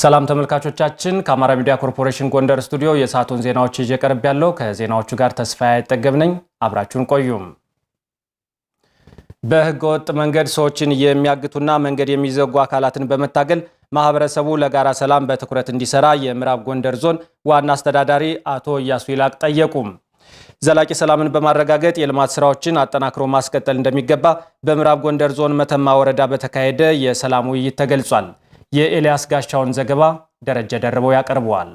ሰላም ተመልካቾቻችን፣ ከአማራ ሚዲያ ኮርፖሬሽን ጎንደር ስቱዲዮ የሰዓቱን ዜናዎች ይዤ ቀርብ ያለው ከዜናዎቹ ጋር ተስፋ አይጠገብ ነኝ። አብራችሁን ቆዩም። በህገወጥ መንገድ ሰዎችን የሚያግቱና መንገድ የሚዘጉ አካላትን በመታገል ማህበረሰቡ ለጋራ ሰላም በትኩረት እንዲሰራ የምዕራብ ጎንደር ዞን ዋና አስተዳዳሪ አቶ እያሱ ይላቅ ጠየቁም። ዘላቂ ሰላምን በማረጋገጥ የልማት ስራዎችን አጠናክሮ ማስቀጠል እንደሚገባ በምዕራብ ጎንደር ዞን መተማ ወረዳ በተካሄደ የሰላም ውይይት ተገልጿል። የኤልያስ ጋሻውን ዘገባ ደረጀ ደርበው ያቀርበዋል።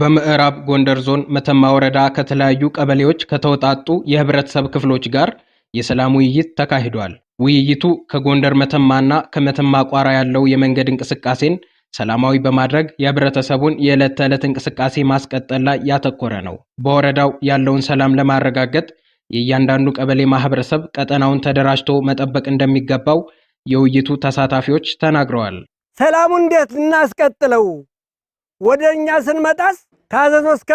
በምዕራብ ጎንደር ዞን መተማ ወረዳ ከተለያዩ ቀበሌዎች ከተውጣጡ የህብረተሰብ ክፍሎች ጋር የሰላም ውይይት ተካሂዷል። ውይይቱ ከጎንደር መተማና ከመተማ ቋራ ያለው የመንገድ እንቅስቃሴን ሰላማዊ በማድረግ የህብረተሰቡን የዕለት ተዕለት እንቅስቃሴ ማስቀጠል ላይ ያተኮረ ነው። በወረዳው ያለውን ሰላም ለማረጋገጥ የእያንዳንዱ ቀበሌ ማህበረሰብ ቀጠናውን ተደራጅቶ መጠበቅ እንደሚገባው የውይይቱ ተሳታፊዎች ተናግረዋል። ሰላሙ እንዴት እናስቀጥለው? ወደ እኛ ስንመጣስ ከአዘዞ እስከ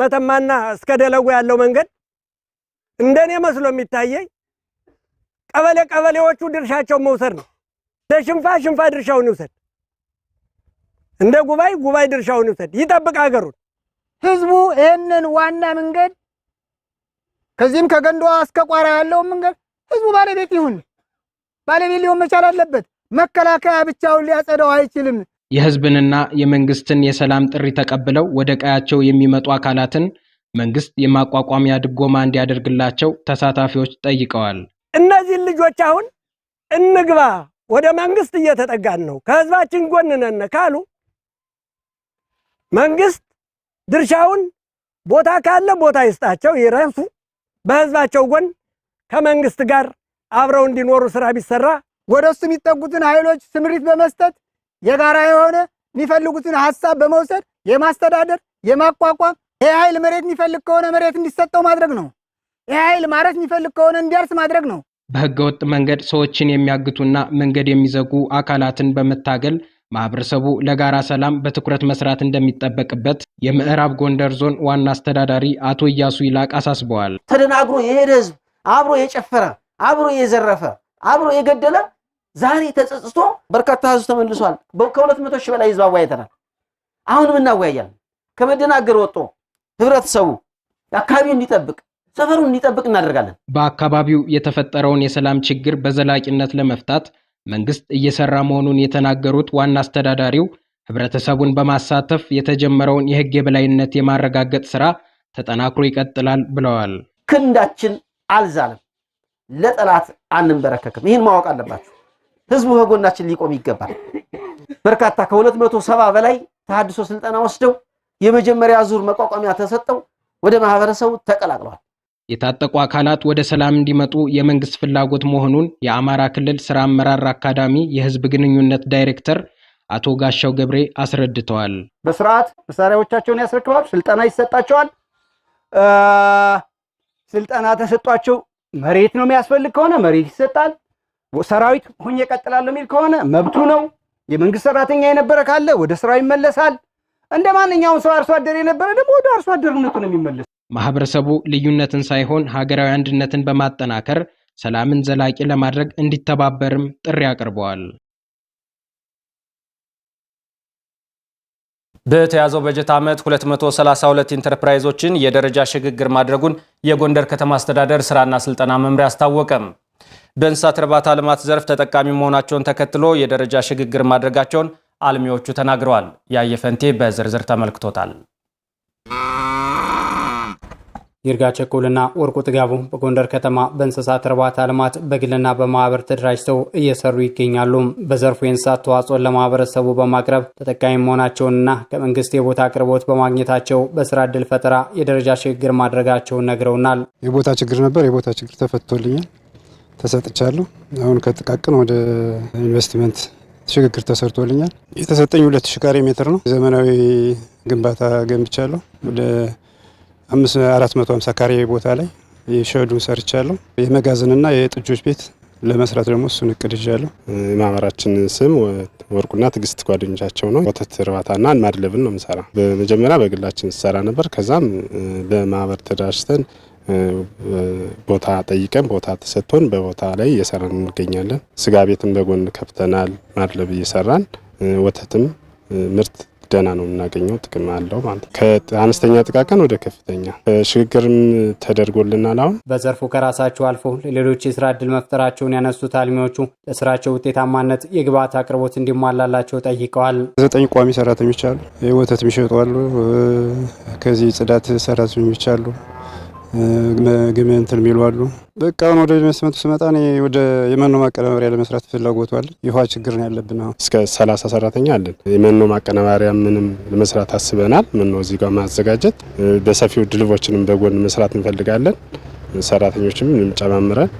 መተማና እስከ ደለጎ ያለው መንገድ እንደኔ መስሎ የሚታየኝ ቀበሌ ቀበሌዎቹ ድርሻቸውን መውሰድ ነው። እንደ ሽንፋ ድርሻውን ይውሰድ፣ እንደ ጉባኤ ጉባኤ ድርሻውን ይውሰድ። ይጠብቅ ሀገሩን፣ ህዝቡ ይህንን ዋና መንገድ ከዚህም ከገንዷ እስከ ቋራ ያለውን መንገድ ህዝቡ ባለቤት ይሁን፣ ባለቤት ሊሆን መቻል አለበት። መከላከያ ብቻውን ሊያጸዳው አይችልም። የህዝብንና የመንግስትን የሰላም ጥሪ ተቀብለው ወደ ቀያቸው የሚመጡ አካላትን መንግስት የማቋቋሚያ ድጎማ እንዲያደርግላቸው ተሳታፊዎች ጠይቀዋል። እነዚህን ልጆች አሁን እንግባ፣ ወደ መንግስት እየተጠጋን ነው፣ ከህዝባችን ጎንነን ካሉ መንግስት ድርሻውን ቦታ ካለ ቦታ ይስጣቸው፣ ይረፉ በህዝባቸው ጎን ከመንግስት ጋር አብረው እንዲኖሩ ስራ ቢሰራ ወደሱ የሚጠጉትን ኃይሎች ስምሪት በመስጠት የጋራ የሆነ የሚፈልጉትን ሀሳብ በመውሰድ የማስተዳደር የማቋቋም ይህ ኃይል መሬት የሚፈልግ ከሆነ መሬት እንዲሰጠው ማድረግ ነው። ይህ ኃይል ማረስ የሚፈልግ ከሆነ እንዲያርስ ማድረግ ነው። በህገወጥ መንገድ ሰዎችን የሚያግቱና መንገድ የሚዘጉ አካላትን በመታገል ማህበረሰቡ ለጋራ ሰላም በትኩረት መስራት እንደሚጠበቅበት የምዕራብ ጎንደር ዞን ዋና አስተዳዳሪ አቶ እያሱ ይላቅ አሳስበዋል። ተደናግሮ የሄደ ህዝብ አብሮ የጨፈረ አብሮ የዘረፈ አብሮ የገደለ ዛሬ ተጸጽቶ በርካታ ህዝብ ተመልሷል። ከሁለት መቶ ሺህ በላይ ህዝብ አወያይተናል። አሁንም እናወያያል። ከመደናገር ወጦ ህብረተሰቡ አካባቢውን እንዲጠብቅ ሰፈሩን እንዲጠብቅ እናደርጋለን። በአካባቢው የተፈጠረውን የሰላም ችግር በዘላቂነት ለመፍታት መንግስት እየሰራ መሆኑን የተናገሩት ዋና አስተዳዳሪው ህብረተሰቡን በማሳተፍ የተጀመረውን የህግ የበላይነት የማረጋገጥ ስራ ተጠናክሮ ይቀጥላል ብለዋል። ክንዳችን አልዛለም፣ ለጠላት አንንበረከክም። ይህን ማወቅ አለባችሁ። ህዝቡ ከጎናችን ሊቆም ይገባል። በርካታ ከሁለት መቶ ሰባ በላይ ተሃድሶ ስልጠና ወስደው የመጀመሪያ ዙር መቋቋሚያ ተሰጠው ወደ ማህበረሰቡ ተቀላቅለዋል። የታጠቁ አካላት ወደ ሰላም እንዲመጡ የመንግስት ፍላጎት መሆኑን የአማራ ክልል ስራ አመራር አካዳሚ የህዝብ ግንኙነት ዳይሬክተር አቶ ጋሻው ገብሬ አስረድተዋል። በስርዓት መሳሪያዎቻቸውን ያስረክባሉ። ስልጠና ይሰጣቸዋል። ስልጠና ተሰጧቸው መሬት ነው የሚያስፈልግ ከሆነ መሬት ይሰጣል። ሰራዊት ሁኜ እቀጥላለሁ የሚል ከሆነ መብቱ ነው። የመንግስት ሰራተኛ የነበረ ካለ ወደ ስራው ይመለሳል። እንደ ማንኛውም ሰው አርሶ አደር የነበረ ደግሞ ወደ አርሶ አደርነቱ ነው የሚመለስ። ማህበረሰቡ ልዩነትን ሳይሆን ሀገራዊ አንድነትን በማጠናከር ሰላምን ዘላቂ ለማድረግ እንዲተባበርም ጥሪ አቅርበዋል። በተያዘው በጀት ዓመት 232 ኢንተርፕራይዞችን የደረጃ ሽግግር ማድረጉን የጎንደር ከተማ አስተዳደር ስራና ስልጠና መምሪያ አስታወቀም። በእንስሳት እርባታ ልማት ዘርፍ ተጠቃሚ መሆናቸውን ተከትሎ የደረጃ ሽግግር ማድረጋቸውን አልሚዎቹ ተናግረዋል። ያየፈንቴ በዝርዝር ተመልክቶታል። ይርጋ ቸኮልና ወርቁ ጥጋቡ በጎንደር ከተማ በእንስሳት እርባታ ልማት በግልና በማህበር ተደራጅተው እየሰሩ ይገኛሉ። በዘርፉ የእንስሳት ተዋጽኦን ለማህበረሰቡ በማቅረብ ተጠቃሚ መሆናቸውንና ከመንግስት የቦታ አቅርቦት በማግኘታቸው በስራ እድል ፈጠራ የደረጃ ሽግግር ማድረጋቸውን ነግረውናል። የቦታ ችግር ነበር። የቦታ ችግር ተፈቶልኛል፣ ተሰጥቻለሁ። አሁን ከጥቃቅን ወደ ኢንቨስትመንት ሽግግር ተሰርቶልኛል። የተሰጠኝ ሁለት ሺ ካሬ ሜትር ነው። ዘመናዊ ግንባታ ገንብቻለሁ። ወደ አራት መቶ ሀምሳ ካሬ ቦታ ላይ የሸዱን ሰርቻለሁ። የመጋዘንና የጥጆች ቤት ለመስራት ደግሞ እሱን እቅድ ይዣለሁ። የማህበራችን ስም ወርቁና ትዕግስት ጓደኞቻቸው ነው። ወተት እርባታና ማድለብን ነው ምሰራ። በመጀመሪያ በግላችን ስሰራ ነበር። ከዛም በማህበር ተደራጅተን ቦታ ጠይቀን ቦታ ተሰጥቶን በቦታ ላይ እየሰራን እንገኛለን። ስጋ ቤትም በጎን ከፍተናል። ማድለብ እየሰራን ወተትም ምርት ደህና ነው የምናገኘው፣ ጥቅም አለው ማለት ነው። ከአነስተኛ ጥቃቅን ወደ ከፍተኛ ሽግግርም ተደርጎልናል። አሁን በዘርፉ ከራሳቸው አልፎ ለሌሎች የስራ እድል መፍጠራቸውን ያነሱት አልሚዎቹ ለስራቸው ውጤታማነት የግብዓት አቅርቦት እንዲሟላላቸው ጠይቀዋል። ዘጠኝ ቋሚ ሰራተኞች አሉ፣ ወተት የሚሸጡ አሉ፣ ከዚህ ጽዳት ሰራተኞች አሉ ግመንትን የሚሉ አሉ። በቃ አሁን ወደ መስመቱ ስመጣ እኔ ወደ የመኖ ማቀነባበሪያ ለመስራት ፍላጎቱ አለ። የውሃ ችግር ነው ያለብን። አሁን እስከ ሰላሳ ሰራተኛ አለን። የመኖ ማቀነባበሪያ ምንም ለመስራት አስበናል። መኖ እዚህ ጋር ማዘጋጀት በሰፊው ድልቦችንም በጎን መስራት እንፈልጋለን። ሰራተኞችም ጨማምረን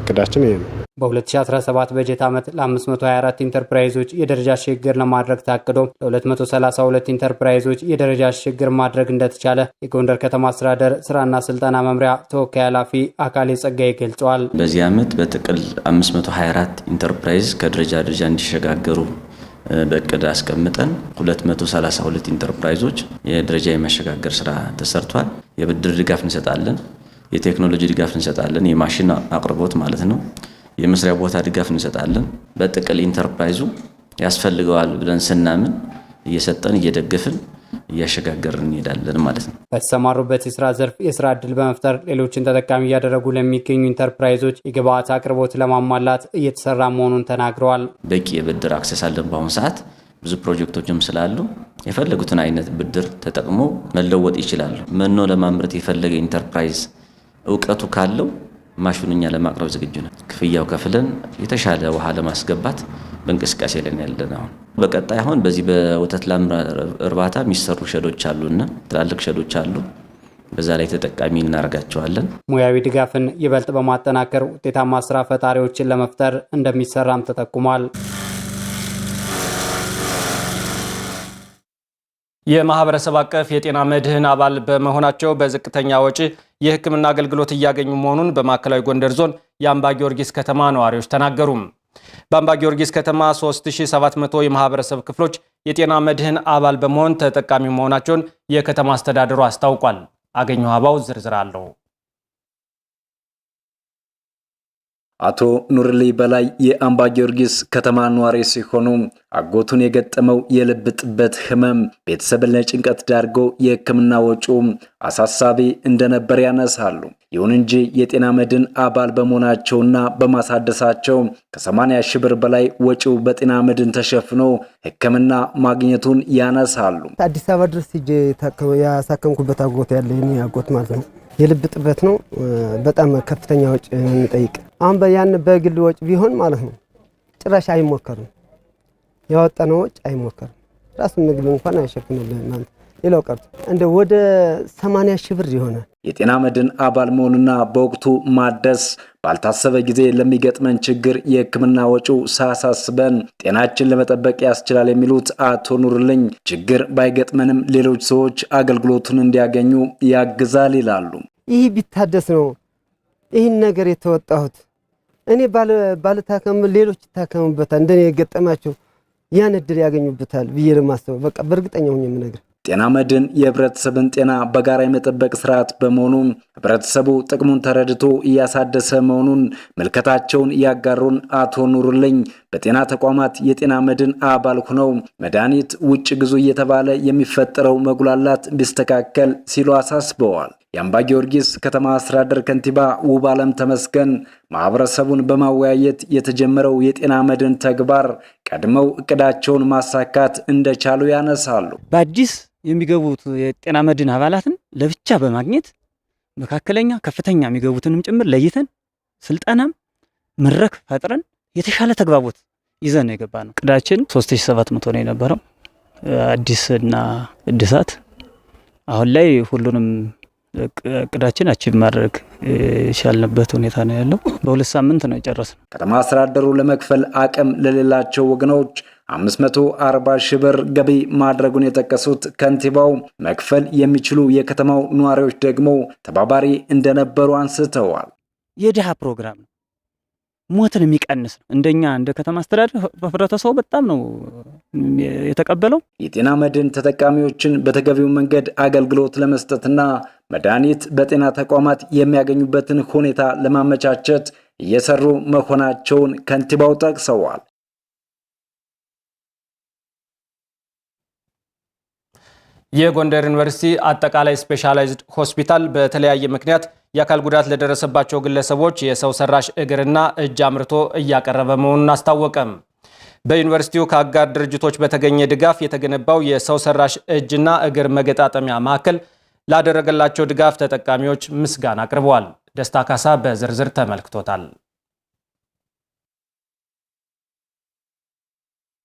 እቅዳችን ይሄ ነው። በ2017 በጀት ዓመት ለ524 ኢንተርፕራይዞች የደረጃ ሽግግር ለማድረግ ታቅዶ ለ232 ኢንተርፕራይዞች የደረጃ ሽግግር ማድረግ እንደተቻለ የጎንደር ከተማ አስተዳደር ስራና ስልጠና መምሪያ ተወካይ ኃላፊ አካሌ ጸጋይ ገልጸዋል። በዚህ ዓመት በጥቅል 524 ኢንተርፕራይዝ ከደረጃ ደረጃ እንዲሸጋገሩ በእቅድ አስቀምጠን 232 ኢንተርፕራይዞች የደረጃ የማሸጋገር ስራ ተሰርቷል። የብድር ድጋፍ እንሰጣለን፣ የቴክኖሎጂ ድጋፍ እንሰጣለን፣ የማሽን አቅርቦት ማለት ነው። የመስሪያ ቦታ ድጋፍ እንሰጣለን። በጥቅል ኢንተርፕራይዙ ያስፈልገዋል ብለን ስናምን እየሰጠን እየደገፍን እያሸጋገርን እንሄዳለን ማለት ነው። በተሰማሩበት የስራ ዘርፍ የስራ እድል በመፍጠር ሌሎችን ተጠቃሚ እያደረጉ ለሚገኙ ኢንተርፕራይዞች የግብአት አቅርቦት ለማሟላት እየተሰራ መሆኑን ተናግረዋል። በቂ የብድር አክሰስ አለን። በአሁኑ ሰዓት ብዙ ፕሮጀክቶችም ስላሉ የፈለጉትን አይነት ብድር ተጠቅሞ መለወጥ ይችላሉ። መኖ ለማምረት የፈለገ ኢንተርፕራይዝ እውቀቱ ካለው ማሽኑን እኛ ለማቅረብ ዝግጁ ነን። ክፍያው ከፍለን የተሻለ ውሃ ለማስገባት በእንቅስቃሴ ላይ ያለን። አሁን በቀጣይ አሁን በዚህ በወተት ላም እርባታ የሚሰሩ ሸዶች አሉና ትላልቅ ሸዶች አሉ። በዛ ላይ ተጠቃሚ እናደርጋቸዋለን። ሙያዊ ድጋፍን ይበልጥ በማጠናከር ውጤታማ ስራ ፈጣሪዎችን ለመፍጠር እንደሚሰራም ተጠቁሟል። የማህበረሰብ አቀፍ የጤና መድህን አባል በመሆናቸው በዝቅተኛ ወጪ የሕክምና አገልግሎት እያገኙ መሆኑን በማዕከላዊ ጎንደር ዞን የአምባ ጊዮርጊስ ከተማ ነዋሪዎች ተናገሩ። በአምባ ጊዮርጊስ ከተማ 3700 የማህበረሰብ ክፍሎች የጤና መድህን አባል በመሆን ተጠቃሚ መሆናቸውን የከተማ አስተዳደሩ አስታውቋል። አገኘሁ አባው ዝርዝር አለው። አቶ ኑርሌ በላይ የአምባ ጊዮርጊስ ከተማ ኗሪ ሲሆኑ አጎቱን የገጠመው የልብ ጥበት ህመም ቤተሰብን ለጭንቀት ዳርጎ የህክምና ወጪው አሳሳቢ እንደነበር ያነሳሉ። ይሁን እንጂ የጤና መድን አባል በመሆናቸውና በማሳደሳቸው ከ80 ሺህ ብር በላይ ወጪው በጤና መድን ተሸፍኖ ህክምና ማግኘቱን ያነሳሉ። አዲስ አበባ ድረስ ያሳከምኩበት አጎት ያለ አጎት ማለት ነው የልብ ጥበት ነው። በጣም ከፍተኛ ወጪ የሚጠይቅ አሁን ያን በግል ወጪ ቢሆን ማለት ነው ጭራሽ አይሞከርም። ያወጣነው ወጪ አይሞከርም። ራሱ ምግብ እንኳን አይሸፍንልን ማለት ሌላው ቀርቶ እንደ ወደ 80 ሺህ ብር ይሆናል። የጤና መድን አባል መሆንና በወቅቱ ማደስ ባልታሰበ ጊዜ ለሚገጥመን ችግር የሕክምና ወጪው ሳያሳስበን ጤናችን ለመጠበቅ ያስችላል የሚሉት አቶ ኑርልኝ ችግር ባይገጥመንም ሌሎች ሰዎች አገልግሎቱን እንዲያገኙ ያግዛል ይላሉ። ይህ ቢታደስ ነው ይህን ነገር የተወጣሁት እኔ ባልታከም ሌሎች ይታከሙበታል፣ እንደኔ የገጠማቸው ያን እድል ያገኙበታል ብዬ ለማስበው በቃ በእርግጠኛ ሁኝ የምነግር ጤና መድን የህብረተሰብን ጤና በጋራ የመጠበቅ ስርዓት በመሆኑ ህብረተሰቡ ጥቅሙን ተረድቶ እያሳደሰ መሆኑን ምልከታቸውን እያጋሩን አቶ ኑሩልኝ በጤና ተቋማት የጤና መድን አባል ሆነው መድኃኒት ውጭ ግዙ እየተባለ የሚፈጠረው መጉላላት ቢስተካከል ሲሉ አሳስበዋል። የአምባ ጊዮርጊስ ከተማ አስተዳደር ከንቲባ ውብ አለም ተመስገን ማህበረሰቡን በማወያየት የተጀመረው የጤና መድን ተግባር ቀድመው እቅዳቸውን ማሳካት እንደቻሉ ያነሳሉ። በአዲስ የሚገቡት የጤና መድን አባላትን ለብቻ በማግኘት መካከለኛ፣ ከፍተኛ የሚገቡትንም ጭምር ለይተን ስልጠናም መድረክ ፈጥረን የተሻለ ተግባቦት ይዘን ነው የገባ ነው። ቅዳችን 3700 ነው የነበረው አዲስና እድሳት አሁን ላይ ሁሉንም እቅዳችን አቺቭ ማድረግ የቻልንበት ሁኔታ ነው ያለው። በሁለት ሳምንት ነው የጨረስነው። ከተማ አስተዳደሩ ለመክፈል አቅም ለሌላቸው ወገኖች 540 ሺህ ብር ገቢ ማድረጉን የጠቀሱት ከንቲባው መክፈል የሚችሉ የከተማው ነዋሪዎች ደግሞ ተባባሪ እንደነበሩ አንስተዋል። የድሃ ፕሮግራም ነው። ሞትን የሚቀንስ ነው። እንደኛ እንደ ከተማ አስተዳደር ህብረተሰቡ በጣም ነው የተቀበለው። የጤና መድን ተጠቃሚዎችን በተገቢው መንገድ አገልግሎት ለመስጠትና መድኃኒት በጤና ተቋማት የሚያገኙበትን ሁኔታ ለማመቻቸት እየሰሩ መሆናቸውን ከንቲባው ጠቅሰዋል። የጎንደር ዩኒቨርሲቲ አጠቃላይ ስፔሻላይዝድ ሆስፒታል በተለያየ ምክንያት የአካል ጉዳት ለደረሰባቸው ግለሰቦች የሰው ሰራሽ እግርና እጅ አምርቶ እያቀረበ መሆኑን አስታወቀም። በዩኒቨርሲቲው ከአጋር ድርጅቶች በተገኘ ድጋፍ የተገነባው የሰው ሰራሽ እጅና እግር መገጣጠሚያ ማዕከል ላደረገላቸው ድጋፍ ተጠቃሚዎች ምስጋና አቅርበዋል። ደስታ ካሳ በዝርዝር ተመልክቶታል።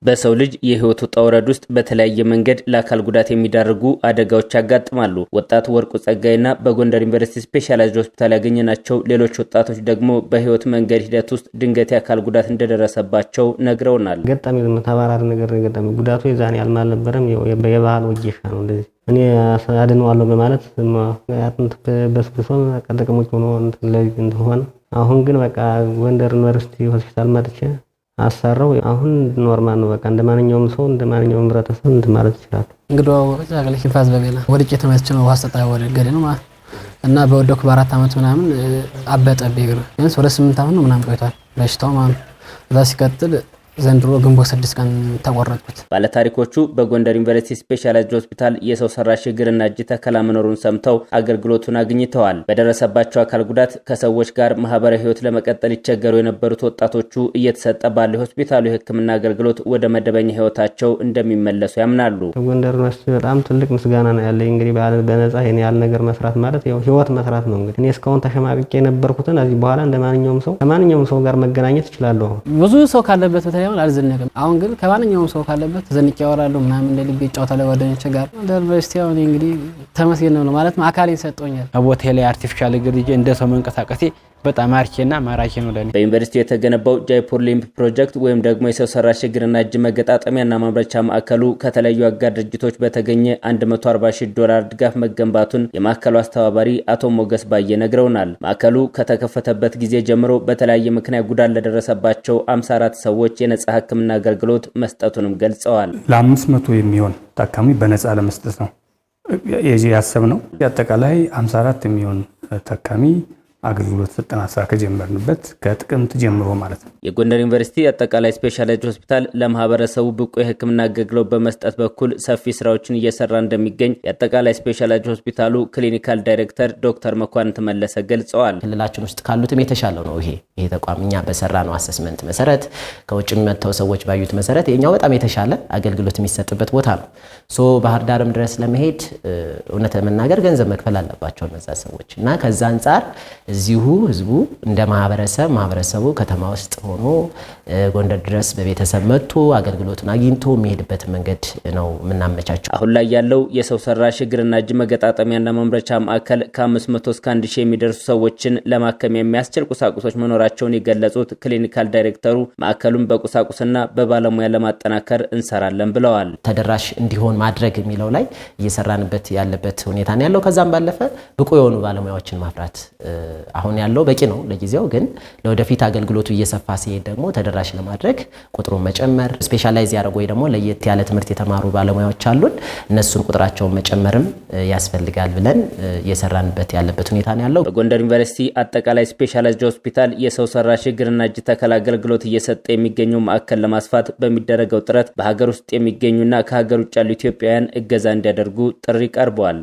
በሰው ልጅ የህይወቱ ጠውረድ ውስጥ በተለያየ መንገድ ለአካል ጉዳት የሚዳርጉ አደጋዎች ያጋጥማሉ። ወጣቱ ወርቁ ጸጋይና በጎንደር ዩኒቨርሲቲ ስፔሻላይዝድ ሆስፒታል ያገኘናቸው ሌሎች ወጣቶች ደግሞ በህይወት መንገድ ሂደት ውስጥ ድንገት የአካል ጉዳት እንደደረሰባቸው ነግረውናል። ገጠሚ ተባራሪ ነገር ገጠሚ ጉዳቱ የዛኔ ያልም አልነበረም። የባህል ወጌሻ ነው እንደዚህ እኔ አድነዋለሁ በማለት አጥንት በስብሶ ቀጠቅሞች ሆኖ እንደሆነ አሁን ግን በቃ ጎንደር ዩኒቨርሲቲ ሆስፒታል መጥቼ አሰራው አሁን ኖርማል ነው። በቃ እንደ ማንኛውም ሰው እንደ እንደማንኛውም ህብረተሰብ ማለት ይችላል። እንግዲህ ወረጫ ያገለ ሽፋዝ በገና ወድቄ ተመስችነ ውሃ ሰጣ ወደ ገደ ነው ማለት እና በወደኩ በአራት አመት ምናምን አበጠብኝ እግር ቢያንስ ወደ ስምንት አመት ነው ምናምን ቆይቷል በሽታው ማለት ነው። እዛ ሲቀጥል ዘንድሮ ግንቦት ስድስት ቀን ተቆረጥኩት። ባለታሪኮቹ በጎንደር ዩኒቨርሲቲ ስፔሻላይዝድ ሆስፒታል የሰው ሰራሽ እግርና እጅ ተከላ መኖሩን ሰምተው አገልግሎቱን አግኝተዋል። በደረሰባቸው አካል ጉዳት ከሰዎች ጋር ማህበራዊ ህይወት ለመቀጠል ይቸገሩ የነበሩት ወጣቶቹ እየተሰጠ ባለ የሆስፒታሉ የህክምና አገልግሎት ወደ መደበኛ ህይወታቸው እንደሚመለሱ ያምናሉ። ጎንደር ዩኒቨርሲቲ በጣም ትልቅ ምስጋና ነው ያለኝ። እንግዲህ በነጻ ይሄን ያህል ነገር መስራት ማለት ያው ህይወት መስራት ነው። እንግዲህ እኔ እስካሁን ተሸማቅቄ የነበርኩትን ከዚህ በኋላ እንደማንኛውም ሰው ከማንኛውም ሰው ጋር መገናኘት እችላለሁ። ብዙ ሰው ካለበት ሳይሆን አልዘነቅም። አሁን ግን ከማንኛውም ሰው ካለበት ዘንቄ ያወራሉ ምናምን እንደ ልቤ እጫወታለሁ ጓደኞቼ ጋር ዩኒቨርሲቲ። አሁን እንግዲህ ተመስገን ነው ማለት አካሌን ሰጥቶኛል። ቦቴ ላይ አርቲፊሻል እግር ይዤ እንደ ሰው መንቀሳቀሴ በጣም አርኬና ማራኪ ነው ለኔ። በዩኒቨርሲቲ የተገነባው ጃይፖር ሊምፕ ፕሮጀክት ወይም ደግሞ የሰው ሰራሽ እግርና እጅ መገጣጠሚያና ማምረቻ ማዕከሉ ከተለያዩ አጋር ድርጅቶች በተገኘ 140 ሺህ ዶላር ድጋፍ መገንባቱን የማዕከሉ አስተባባሪ አቶ ሞገስ ባየ ነግረውናል። ማዕከሉ ከተከፈተበት ጊዜ ጀምሮ በተለያየ ምክንያት ጉዳት ለደረሰባቸው 54 ሰዎች የነጻ ሕክምና አገልግሎት መስጠቱንም ገልጸዋል። ለ500 የሚሆን ታካሚ በነጻ ለመስጠት ነው ያሰብ ነው። አጠቃላይ 54 የሚሆን ታካሚ አገልግሎት ስልጠና ስራ ከጀመርንበት ከጥቅምት ጀምሮ ማለት ነው። የጎንደር ዩኒቨርሲቲ አጠቃላይ ስፔሻላይዝድ ሆስፒታል ለማህበረሰቡ ብቁ የሕክምና አገልግሎት በመስጠት በኩል ሰፊ ስራዎችን እየሰራ እንደሚገኝ የአጠቃላይ ስፔሻላይዝድ ሆስፒታሉ ክሊኒካል ዳይሬክተር ዶክተር መኳንንት መለሰ ገልጸዋል። ክልላችን ውስጥ ካሉትም የተሻለው ነው ይሄ ይሄ ተቋም እኛ በሰራ ነው አሰስመንት መሰረት ከውጭ መጥተው ሰዎች ባዩት መሰረት የኛው በጣም የተሻለ አገልግሎት የሚሰጥበት ቦታ ነው። ሶ ባህር ዳርም ድረስ ለመሄድ እውነት ለመናገር ገንዘብ መክፈል አለባቸው እነዛ ሰዎች እና ከዛ አንጻር እዚሁ ህዝቡ እንደ ማህበረሰብ ማህበረሰቡ ከተማ ውስጥ ሆኖ ጎንደር ድረስ በቤተሰብ መጥቶ አገልግሎቱን አግኝቶ የሚሄድበት መንገድ ነው የምናመቻቸው። አሁን ላይ ያለው የሰው ሰራሽ እግርና እጅ መገጣጠሚያና መምረቻ ማዕከል ከ500 እስከ 1 ሺ የሚደርሱ ሰዎችን ለማከም የሚያስችል ቁሳቁሶች መኖራቸውን የገለጹት ክሊኒካል ዳይሬክተሩ ማዕከሉን በቁሳቁስና በባለሙያ ለማጠናከር እንሰራለን ብለዋል። ተደራሽ እንዲሆን ማድረግ የሚለው ላይ እየሰራንበት ያለበት ሁኔታ ነው ያለው። ከዛም ባለፈ ብቁ የሆኑ ባለሙያዎችን ማፍራት አሁን ያለው በቂ ነው ለጊዜው፣ ግን ለወደፊት አገልግሎቱ እየሰፋ ሲሄድ ደግሞ ተደራሽ ለማድረግ ቁጥሩን መጨመር፣ ስፔሻላይዝ ያደረጉ ወይ ደግሞ ለየት ያለ ትምህርት የተማሩ ባለሙያዎች አሉን። እነሱን ቁጥራቸውን መጨመርም ያስፈልጋል ብለን እየሰራንበት ያለበት ሁኔታ ነው ያለው። በጎንደር ዩኒቨርሲቲ አጠቃላይ ስፔሻላይዝድ ሆስፒታል የሰው ሰራሽ እግርና እጅ ተከል አገልግሎት እየሰጠ የሚገኘው ማዕከል ለማስፋት በሚደረገው ጥረት በሀገር ውስጥ የሚገኙና ከሀገር ውጭ ያሉ ኢትዮጵያውያን እገዛ እንዲያደርጉ ጥሪ ቀርበዋል።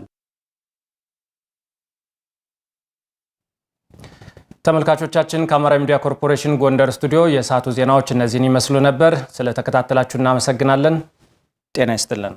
ተመልካቾቻችን ከአማራ ሚዲያ ኮርፖሬሽን ጎንደር ስቱዲዮ የሰዓቱ ዜናዎች እነዚህን ይመስሉ ነበር። ስለተከታተላችሁ እናመሰግናለን። ጤና ይስጥልን።